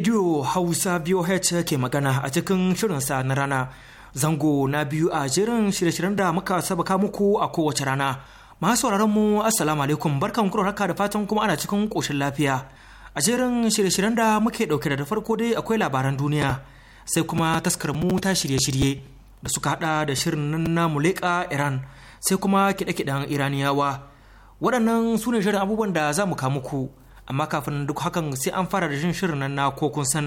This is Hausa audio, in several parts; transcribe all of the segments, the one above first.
Radio Hausa VOH ke magana a cikin shirinsa na rana. Zango na biyu a jerin shirye-shiryen da muka sabaka muku a kowace rana. Masu mu Assalamu alaikum barkan kuro da fatan kuma ana cikin koshin lafiya. A jerin shirye-shiryen da muke ɗauke da farko dai akwai labaran duniya sai kuma taskar mu ta shirye-shirye da suka hada da shirin nan na Muleka Iran sai kuma kiɗe-kiɗen Iraniyawa. Waɗannan su ne shirin abubuwan da za mu kawo muku. amma kafin duk hakan sai an fara da jin shirin nan na ko kun san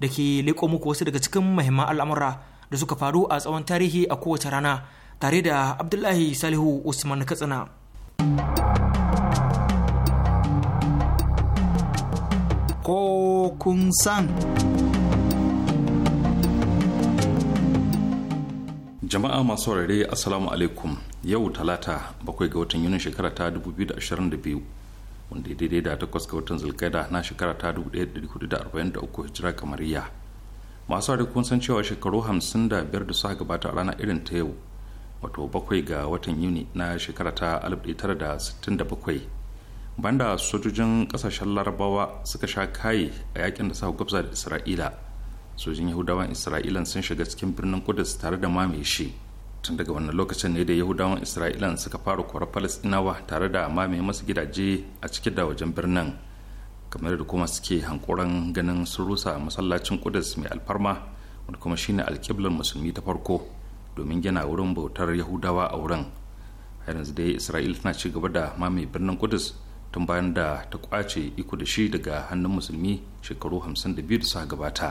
da ke leƙo muku wasu daga cikin mahimman al'amura da suka faru a tsawon tarihi a kowace rana tare da abdullahi salihu usman katsina kokun san jama'a masu saurari assalamu alaikum yau talata bakwai ga watan yunin shekara ta 2022 wanda ya daidai da takwas ga watan zulkaida na shekara ta 1443 hijira kamariya masu hari kun san cewa shekaru 55 da suka gabata a rana irin ta yau wato bakwai ga watan yuni na shekara ta 1967 banda sojojin kasashen larabawa suka sha kaye a yakin da suka gabza da isra'ila sojin yahudawan isra'ilan sun shiga cikin birnin kudus tare da mamaye shi tun daga wannan lokacin ne da yahudawan isra'ilan suka fara korar falastinawa tare da mamaye masu gidaje a cikin da wajen birnin kamar da kuma suke hankoran ganin sun rusa masallacin kudus mai alfarma wanda kuma shine alkiblar musulmi ta farko domin gina wurin bautar yahudawa a wurin har yanzu dai isra'il tana ci gaba da mamaye birnin kudus tun bayan da ta kwace iko da shi daga hannun musulmi shekaru hamsin da biyu da suka gabata.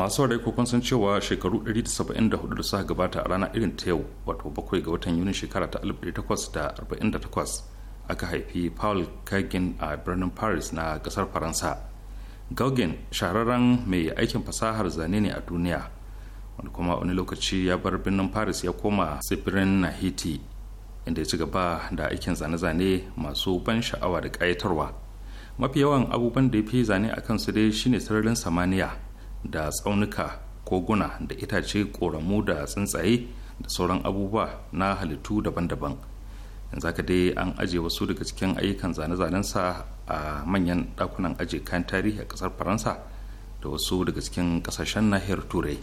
masu rai kun san cewa shekaru 174 da suka gabata a rana irin ta yau wato bakwai ga watan yunin shekara ta 1848 aka haifi paul kagin a birnin paris na kasar faransa gauguin shahararren mai aikin fasahar zane ne a duniya wanda kuma wani lokaci ya bar birnin paris ya koma tsibirin haiti inda ya ci gaba da aikin zane-zane masu ban sha'awa da ƙayatarwa mafi yawan abubuwan da ya fi zane a kansu dai shine sararin samaniya da tsaunuka koguna da itace koramu da tsuntsaye da sauran abubuwa na halittu daban-daban yanzu aka dai an aje wasu daga cikin ayyukan zane-zanensa a manyan ɗakunan aje kayan tarihi a ƙasar faransa da wasu daga cikin kasashen nahiyar turai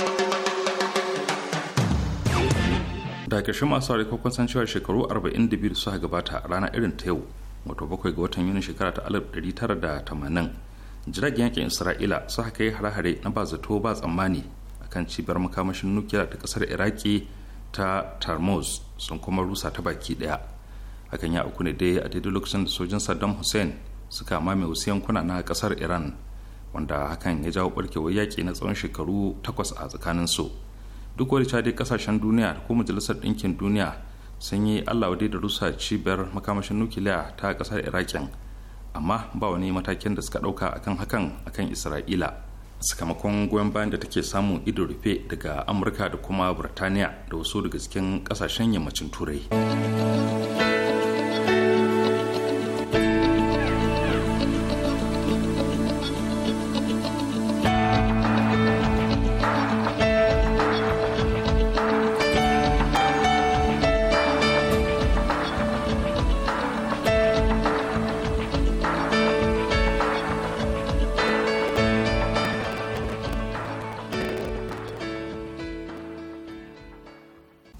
da ƙarshe masu ko kwakwan san cewa shekaru 42 da suka gabata a rana irin ta yau wato bakwai ga watan yuni shekara ta 1980 jiragen yakin isra'ila suka kai hare-hare na ba zato ba tsammani akan cibiyar makamashin nukiliya ta kasar iraki ta tarmoz sun kuma rusa ta baki daya hakan ya uku ne dai a daidai lokacin da sojin saddam hussein suka mame wasu yankuna na kasar iran wanda hakan ya jawo barkewar yaƙi na tsawon shekaru takwas a tsakanin su duk wani cadi kasashen duniya ko majalisar ɗinkin duniya sun yi allah da rusa cibiyar makamashin nukiliya ta kasar irakin amma ba wani matakin da suka ɗauka akan hakan akan isra'ila sakamakon goyon bayan da take samun ido rufe daga amurka da kuma burtaniya da wasu daga cikin kasashen yammacin turai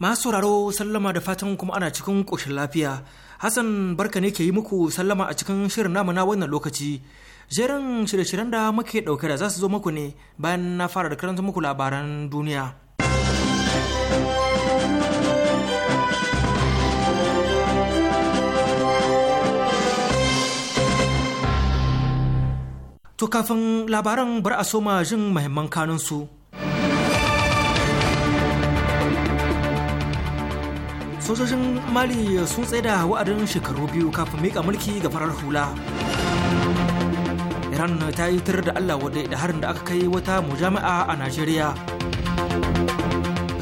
masu sauraro sallama da fatan kuma ana cikin ƙoshin lafiya hassan barka ne ke yi muku sallama a cikin shirin namu na wannan lokaci jerin shirye-shiryen da muke ɗauke da za su zo muku ne bayan na fara da karanta muku labaran duniya To kafin labaran bar a soma jin mahimman kanunsu. sojojin mali sun tsaida wa'adin shekaru biyu kafin mika mulki ga farar hula iran ta yi tar da allah wadai da harin da aka kai wata mujami'a a najeriya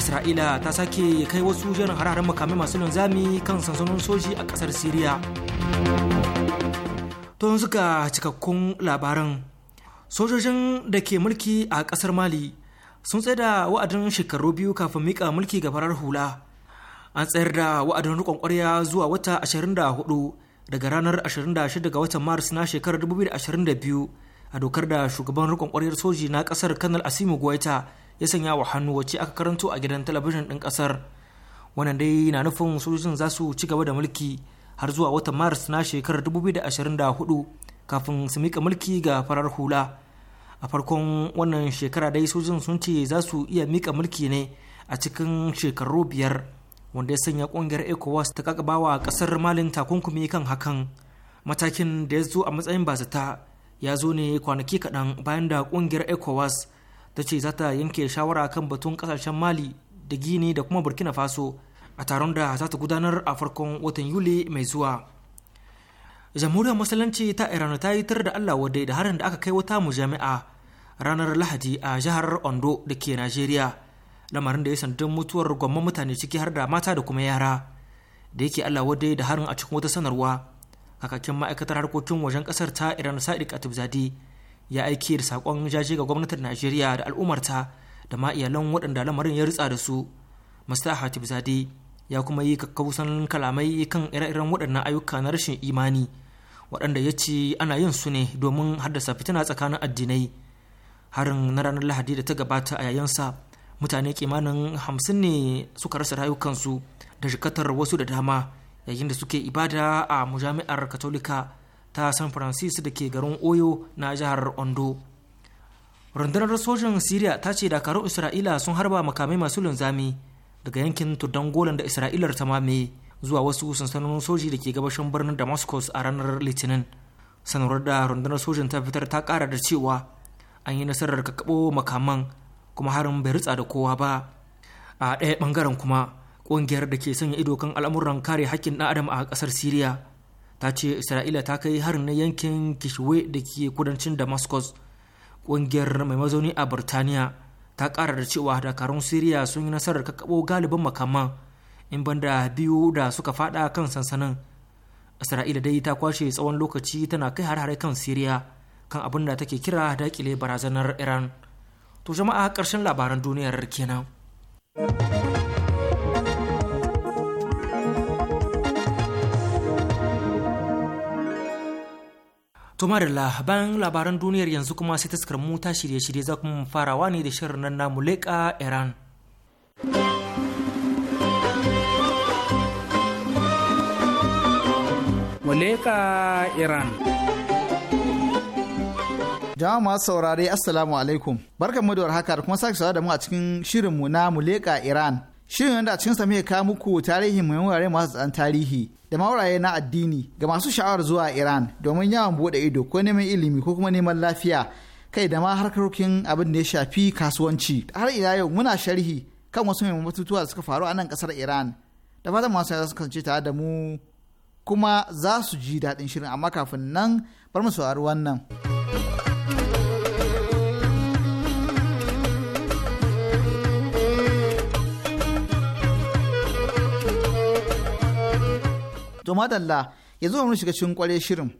isra'ila ta sake kai wasu jerin hararen makamai masu linzami kan sansanin soji a kasar siriya don suka cikakkun labaran sojojin da ke mulki a kasar mali sun tsaida wa'adin shekaru biyu kafin mika mulki ga farar hula an tsayar da wa'adin rikon kwarya zuwa wata 24 daga ranar 26 ga watan maris na shekarar 2022 a dokar da shugaban rikon kwaryar soji na kasar kanal asimu guaita ya sanya wa hannu wacce aka karanto a gidan talabijin din kasar wannan dai na nufin sojojin za su ci gaba da mulki har zuwa watan maris na shekarar 2024 kafin su mika mulki ga farar hula a farkon wannan shekara dai sojin sun ce za su iya mika mulki ne a cikin shekaru biyar wanda ya sanya kungiyar ecowas ta kakabawa kasar malin takunkumi kan hakan matakin da ya zo a matsayin bazata ya zo ne kwanaki kaɗan bayan da kungiyar ecowas ta ce za ta yanke shawara kan batun kasashen mali da gini da kuma burkina faso a taron da za ta gudanar a farkon watan yuli mai zuwa jamhuriyar musulunci ta iran ta yi tar da allah wadai da harin da aka kai wata mu jami'a ranar lahadi a jihar ondo da ke najeriya lamarin da ya sandun mutuwar gwamman mutane ciki har da mata da kuma yara da yake Allah wadai da harin a cikin wata sanarwa kakakin ma'aikatar harkokin wajen kasar ta Iran Sadiq Atibzadi ya aiki da sakon jaje ga gwamnatin Najeriya da al'ummarta da ma iyalan waɗanda lamarin ya ritsa da su Musta Hatibzadi ya kuma yi kakkausan kalamai kan ire-iren waɗannan ayyuka na rashin imani waɗanda ya ce ana yin su ne domin haddasa fitina tsakanin addinai harin na ranar lahadi da ta gabata a yayansa mutane kimanin hamsin ne suka rasa rayukansu da jikatar wasu da dama yayin da suke ibada a mujami'ar katolika ta san francis da ke garin oyo na jihar ondo rundunar sojin syria ta ce dakarun isra'ila sun harba makamai masu linzami daga yankin tuddan golan da isra'ilar ta mame zuwa wasu sansanonin soji da ke gabashin birnin damascus a ranar litinin sanarwar da rundunar sojin ta fitar ta kara da cewa an yi nasarar kakabo makaman kuma harin bai rutsa da kowa ba a ɗaya ɓangaren kuma ƙungiyar da ke sanya ido kan al'amuran kare haƙƙin ɗan adam a ƙasar siriya ta ce isra'ila ta kai harin na yankin kishwe da ke kudancin damascus ƙungiyar mai mazauni a birtaniya ta ƙara da cewa dakarun siriya sun yi nasarar kakkaɓo galibin makaman in banda biyu da suka faɗa kan sansanin isra'ila dai ta kwashe tsawon lokaci tana kai har-hare kan siriya kan abin da take kira daƙile barazanar iran to jama'a ƙarshen labaran duniyar kenan. To marilla bayan labaran duniyar yanzu kuma sai taskar mu ta shirye-shirye za kuma farawa ne da shirin nan namu leƙa Iran. Muleka Iran. Jama'a masu saurare Assalamu alaikum. Barkan mu da warhaka da kuma sake sawa da mu a cikin shirin mu na Muleka Iran. Shirin yadda cikin sa muke kawo muku tarihi mai wurare masu tsan tarihi da mawuraye na addini ga masu sha'awar zuwa Iran domin yawon bude ido ko neman ilimi ko kuma neman lafiya kai da ma harkokin abin da ya shafi kasuwanci. Har ila yau muna sharhi kan wasu mai batutuwa da suka faru a nan kasar Iran. Da fatan masu za su kasance tare da mu kuma za su ji daɗin shirin amma kafin nan bar mu saurari wannan. to madalla zo mu shiga cikin kware shirin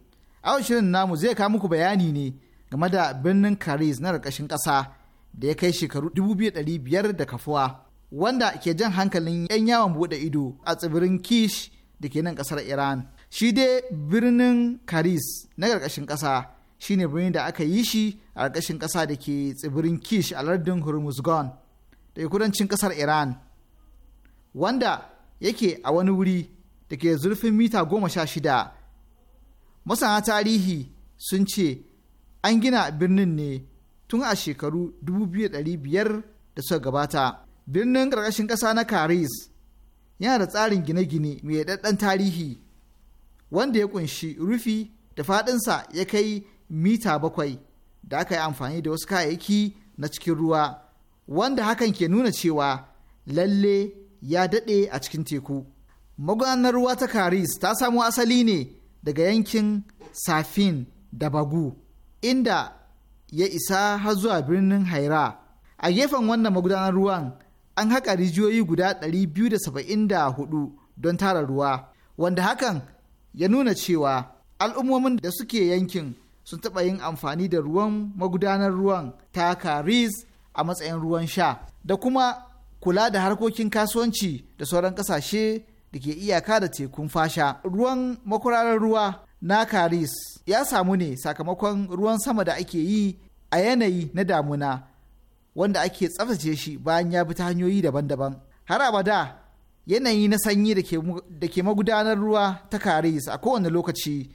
awon shirin namu zai kawo muku bayani ne game da birnin karis na ƙarƙashin ƙasa da ya kai shekaru 2500 da kafuwa wanda ke jan hankalin 'yan yawon bude ido a tsibirin Kish da ke nan ƙasar Iran. Shi dai birnin karis na ƙarƙashin ƙasa shine birnin da aka yi shi a ƙarƙashin ƙasa da ke tsibirin Kish a lardin Hormuzgan da kudancin ƙasar Iran wanda yake a wani wuri da ke zurfin mita goma sha shida. Masana tarihi sun ce an gina birnin ne tun a shekaru 2500 da biyar da suka gabata. Birnin ƙarƙashin ƙasa na karis yana da tsarin gine-gine mai daɗaɗɗen tarihi wanda ya kunshi rufi da faɗinsa ya kai mita bakwai da aka yi amfani da wasu kayayyaki na cikin ruwa wanda hakan ke nuna cewa lalle ya daɗe a cikin teku. magudanar ruwa ta karis ta samo asali ne daga yankin safin da bagu inda ya isa har zuwa birnin haira a gefen wannan magudanar ruwan an haƙa rijiyoyi guda 274 don tara ruwa wanda hakan ya nuna cewa al'ummomin da suke yankin sun taɓa yin amfani da ruwan magudanar ruwan ta karis a matsayin ruwan sha da kuma kula da harkokin kasuwanci da sauran ƙasashe da ke iyaka da tekun fasha ruwan makwararar ruwa na karis ya samu ne sakamakon ruwan sama da ake yi a yanayi na damuna wanda ake tsaftace shi bayan ya bi ta hanyoyi daban-daban har abada yanayi na sanyi da ke magudanar ruwa ta karis a kowane lokaci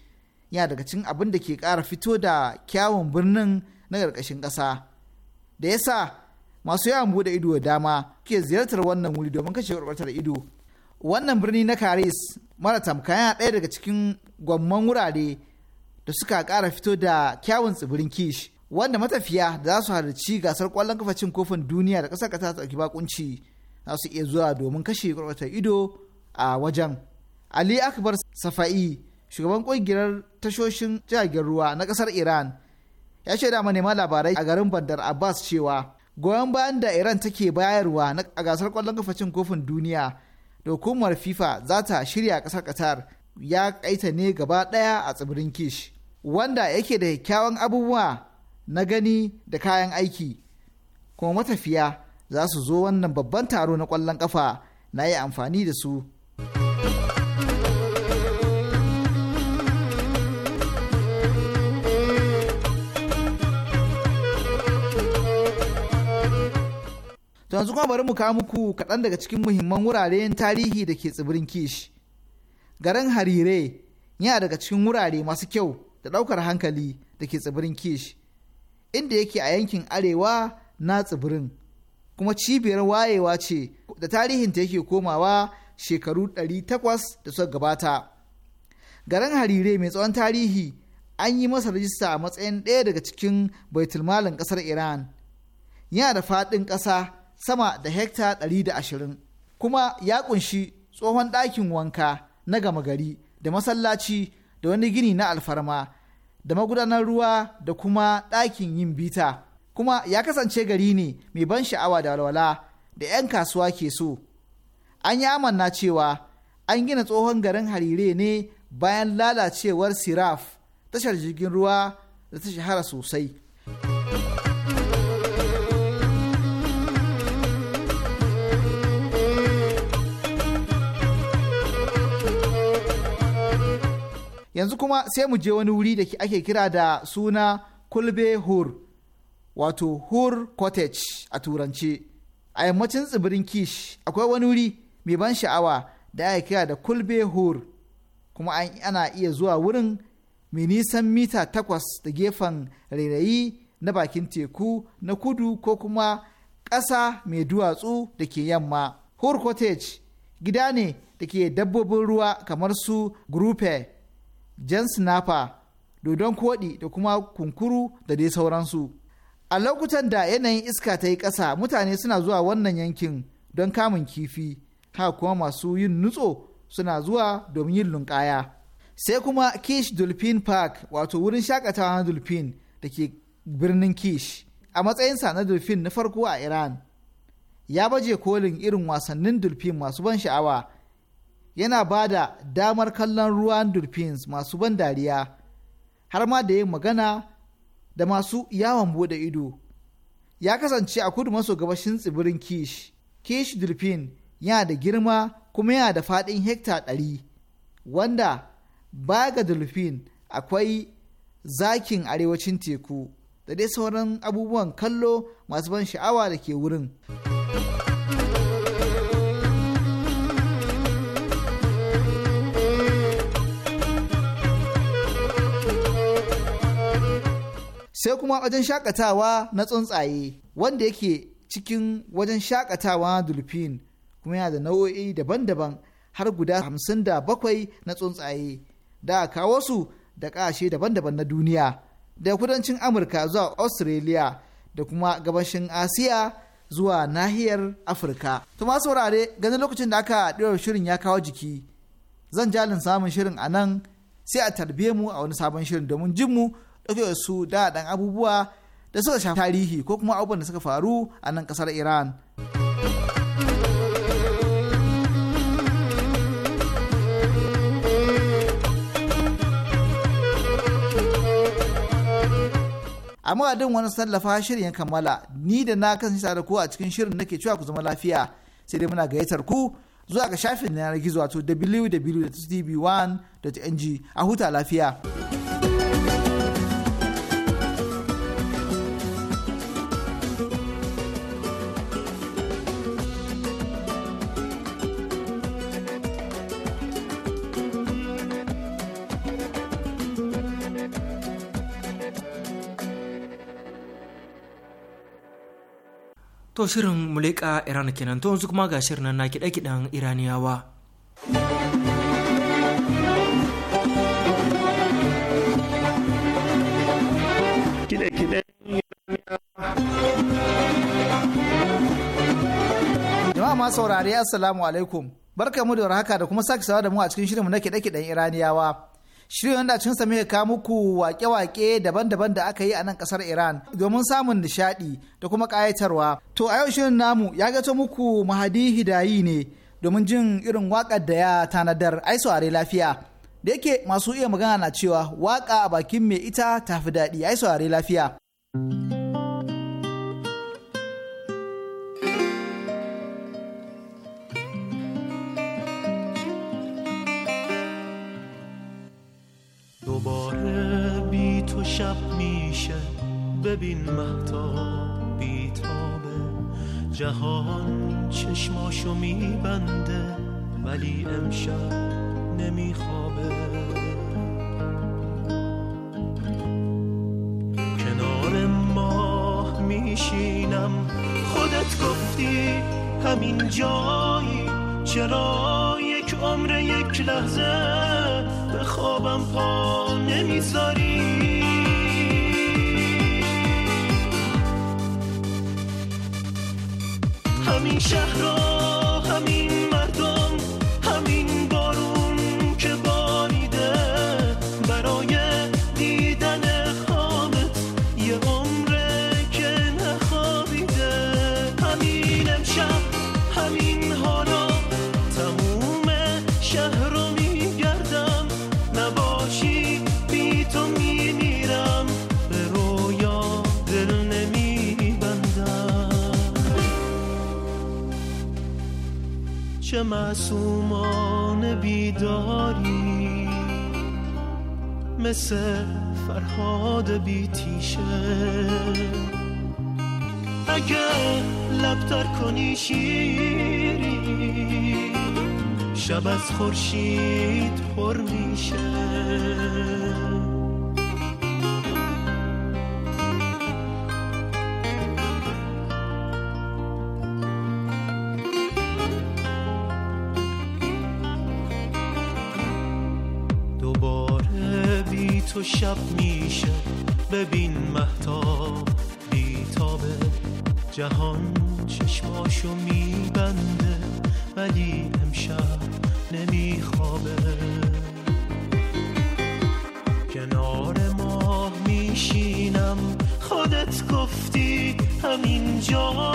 yana daga cikin abin da ke ƙara fito da kyawun birnin na ƙarƙashin ƙasa da yasa masu yawon bude ido da dama ke ziyartar wannan wuri domin kashe da ido wannan birni na karis mara tamka yana ɗaya daga cikin gwamman wurare da suka ƙara fito da kyawun tsibirin kish wanda matafiya da za su halarci gasar ƙwallon kafa cin kofin duniya da ƙasar ƙasa ta ɗauki bakunci za su iya zuwa domin kashe ƙwarƙwatar ido a wajen. Ali Akbar Safa'i shugaban ƙungiyar tashoshin jiragen ruwa na ƙasar Iran ya ce da manema labarai a garin Bandar Abbas cewa goyon bayan da Iran take bayarwa a gasar ƙwallon kafa kofin duniya da hukumar fifa za ta shirya ƙasar qatar ya kaita ne gaba daya a tsibirin kish wanda yake da kyakkyawan abubuwa na gani da kayan aiki kuma matafiya za su zo wannan babban taro na kwallon kafa na yi amfani da su To yanzu kuma bari mu kawo muku kaɗan daga cikin muhimman wuraren tarihi da ke tsibirin Kish. Garin Harire yana daga cikin wurare masu kyau da ɗaukar hankali da ke tsibirin Kish, inda yake a yankin arewa na tsibirin, kuma cibiyar wayewa ce da tarihinta yake komawa shekaru 800 da suka gabata. Garin Harire mai tsawon tarihi an yi masa rajista a matsayin ɗaya daga cikin baitulmalin ƙasar Iran. Yana da faɗin ƙasa sama da hekta 120 kuma ya kunshi tsohon ɗakin wanka na gama gari da masallaci da wani gini na alfarma da magudanar ruwa da kuma ɗakin yin bita kuma ya kasance gari ne mai ban sha'awa da walwala da 'yan kasuwa ke so an yi amanna cewa an gina tsohon garin harire ne bayan lalacewar siraf tashar jirgin ruwa da ta shahara sosai. yanzu kuma sai mu je wani wuri da ake kira da suna kulbe hur wato hur cottage a turanci a yammacin tsibirin kish akwai wani wuri mai ban sha'awa da ake kira da kulbe hur kuma ana iya zuwa wurin mai nisan mita takwas da gefen rairayi na bakin teku na kudu ko kuma ƙasa mai duwatsu da ke yamma hur cottage gida ne da ke dabbobin ruwa kamar su grupe jan sinafa dodon koɗi da kuma kunkuru da dai sauransu a lokutan da yanayin iska ta yi ƙasa mutane suna zuwa wannan yankin don kamun kifi haka kuma masu yin nutso suna zuwa domin yin lunƙaya sai kuma kish dolphin park wato wurin shakatawa na dolphin da ke birnin kish a matsayinsa na dolphin na farko a iran ya baje kolin irin wasannin dolphin masu ban sha'awa yana ba da damar kallon ruwan dolphins masu ban dariya har ma da yin magana da masu yawon bude ido ya kasance a kudu maso gabashin tsibirin kish kish dolphin yana da girma kuma yana da faɗin hekta ɗari wanda baya ga dolphin akwai zakin arewacin teku da dai sauran abubuwan kallo masu ban sha'awa da ke wurin. sai kuma wajen shakatawa na tsuntsaye wanda yake cikin wajen shakatawa dolphin kuma yana da nau'o'i daban-daban har guda hamsin da bakwai na tsuntsaye da kawo su da ƙashe daban-daban na duniya da kudancin amurka zuwa australia da kuma gabashin asiya zuwa nahiyar afirka to masu wurare ganin lokacin da aka ɗora shirin ya kawo jiki zan jalin samun shirin a nan sai a tarbe mu a wani sabon shirin domin jin mu ɗauke su da ɗan abubuwa da suka shafi tarihi ko kuma abubuwan da suka faru a nan ƙasar iran a madadin wani sallafa shirin ya kammala ni da na kan da ku a cikin shirin nake cewa ku zama lafiya sai dai muna gayyatar ku zuwa ga shafin yanar gizo wato www.tv1.ng a huta lafiya. To shirin muleka Iran kenan to yanzu kuma ga shirin na kiɗe-kiɗen Iraniyawa. Jama'a ma saurari Assalamu alaikum. Barka mu da warhaka da kuma sake sawa da mu a cikin shirinmu na kiɗe-kiɗen Iraniyawa. Shirin wanda cin sa ka muku wake-wake daban-daban da aka yi a nan kasar Iran domin samun nishadi da kuma kayatarwa. To a yau shirin namu ya gato muku Mahadi Hidayi ne domin jin irin waƙar da ya tanadar ai saurare lafiya. Da yake masu iya magana na cewa waƙa a bakin mai ita tafi daɗi ai saurare lafiya. Mm -hmm. دوباره بی تو شب میشه ببین مهتا بی تابه جهان چشماشو میبنده ولی امشب نمیخوابه کنار ماه میشینم خودت گفتی همین جایی چرا یک عمر یک لحظه خوابم پا نمیذاری همین شهر معصومان بیداری مثل فرهاد بیتیشه اگه لبتر کنی شیری شب از خورشید پر میشه شب میشه ببین محتاب بیتابه جهان چشماشو میبنده ولی امشب نمیخوابه کنار ماه میشینم خودت گفتی همینجا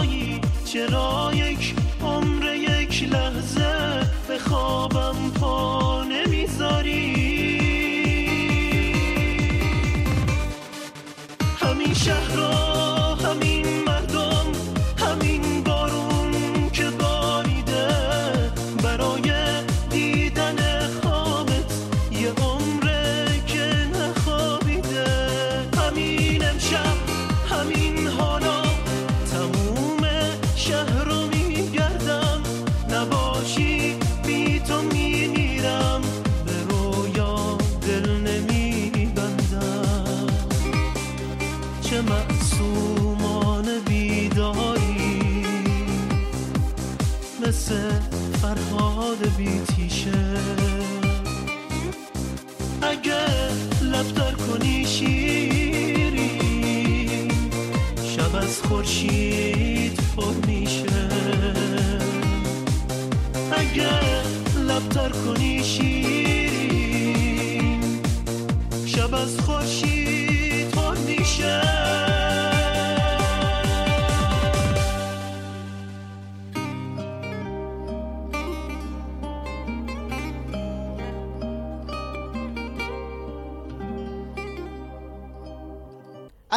the beauty show.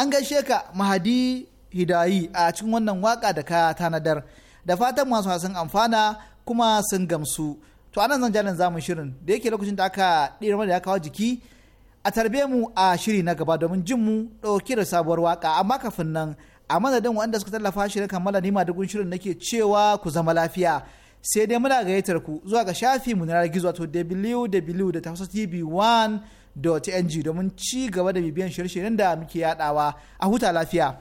an gaishe ka mahadi hidayi a cikin wannan waka da ka tanadar da fatan masu sun amfana kuma sun gamsu to anan zan jalan zamu shirin da yake lokacin da aka ɗira da ya kawo jiki a tarbe mu a shiri na gaba domin jin mu ɗauki da sabuwar waka amma kafin nan a madadin waɗanda suka tallafa shirin kammala nima dugun shirin nake cewa ku zama lafiya sai dai muna gayyatar ku zuwa ga shafi mu na yanar gizo wato www.tv1.ng domin ci gaba da bibiyan shirye-shiryen da muke yadawa a huta lafiya.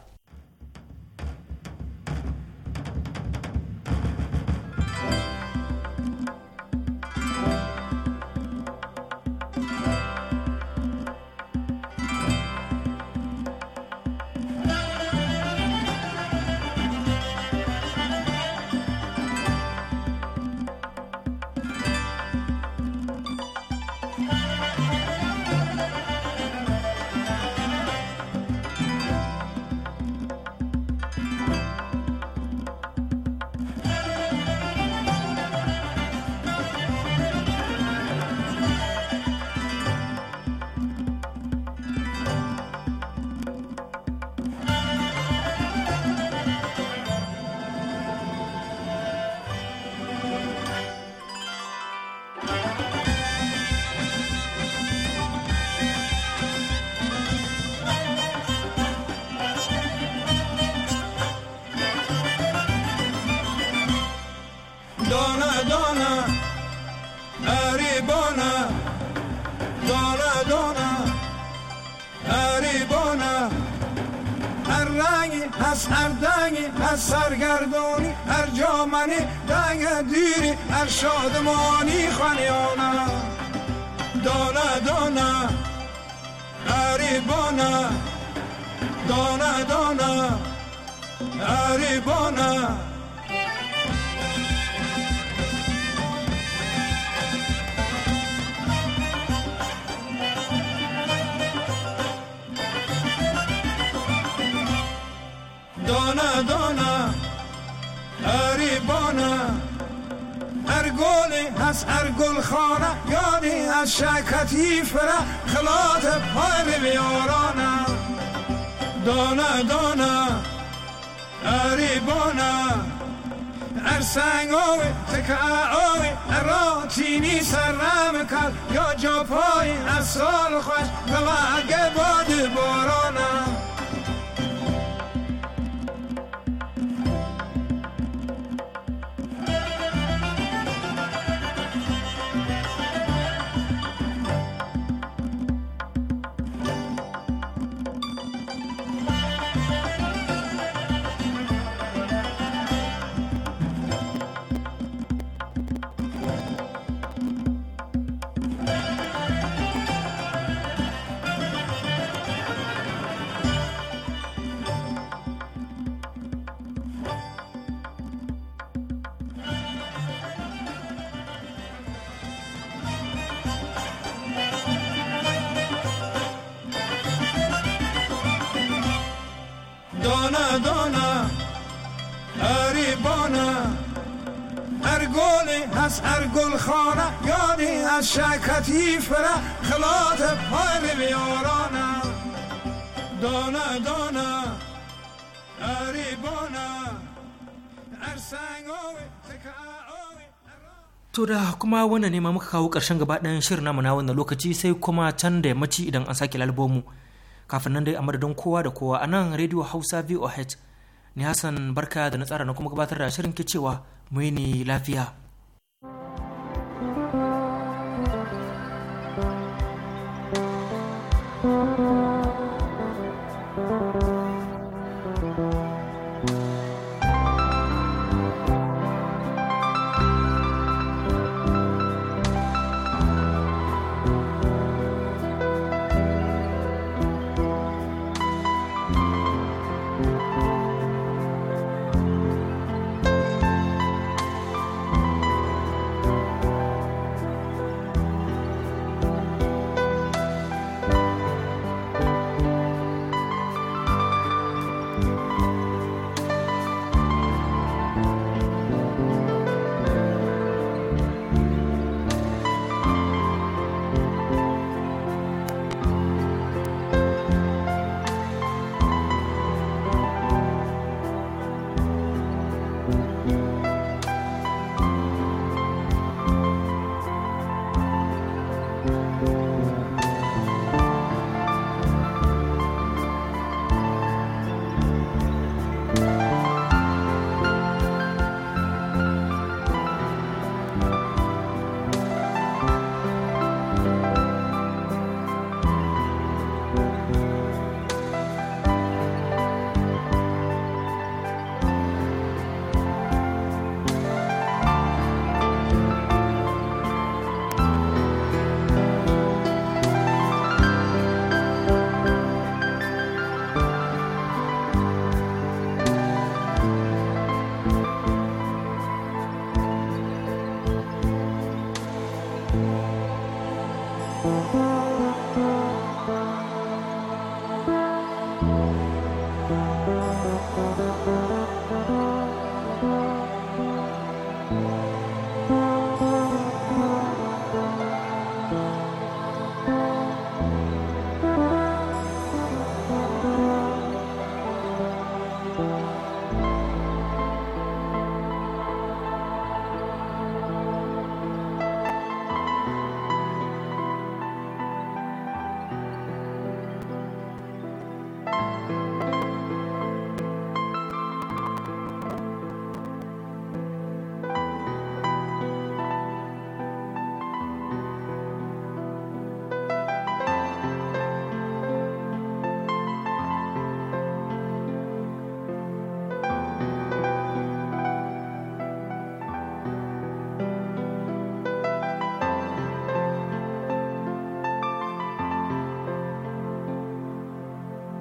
از هر دنگی از سرگردانی هر جامنی دنگ دیری هر شادمانی خانیانا دانه دانه عریبانه دانه دانه عریبانه دانه دانه بانه هر گولی هست هر گل خانه یادی یعنی از شکتی فره خلات پای بیارانه دانه دانه هریبانه هر سنگ آوی تکه آوی تینی سرم کرد یا جا پای از سال خوش به باد بارانه نادانه غریبانه هر گل از هر گل خانه یعنی از شکتی فره خلات پای بیارانه دانه دانه غریبانه To da kuma wannan ne ma muka kawo ƙarshen gaba ɗayan shirin namu na wannan lokaci sai kuma can da yammaci idan an sake lalbomu kafin nan dai a madadin kowa da kowa a nan radio hausa voh ni hassan barka da na tsara na kuma gabatar da shirin ke cewa mu ne lafiya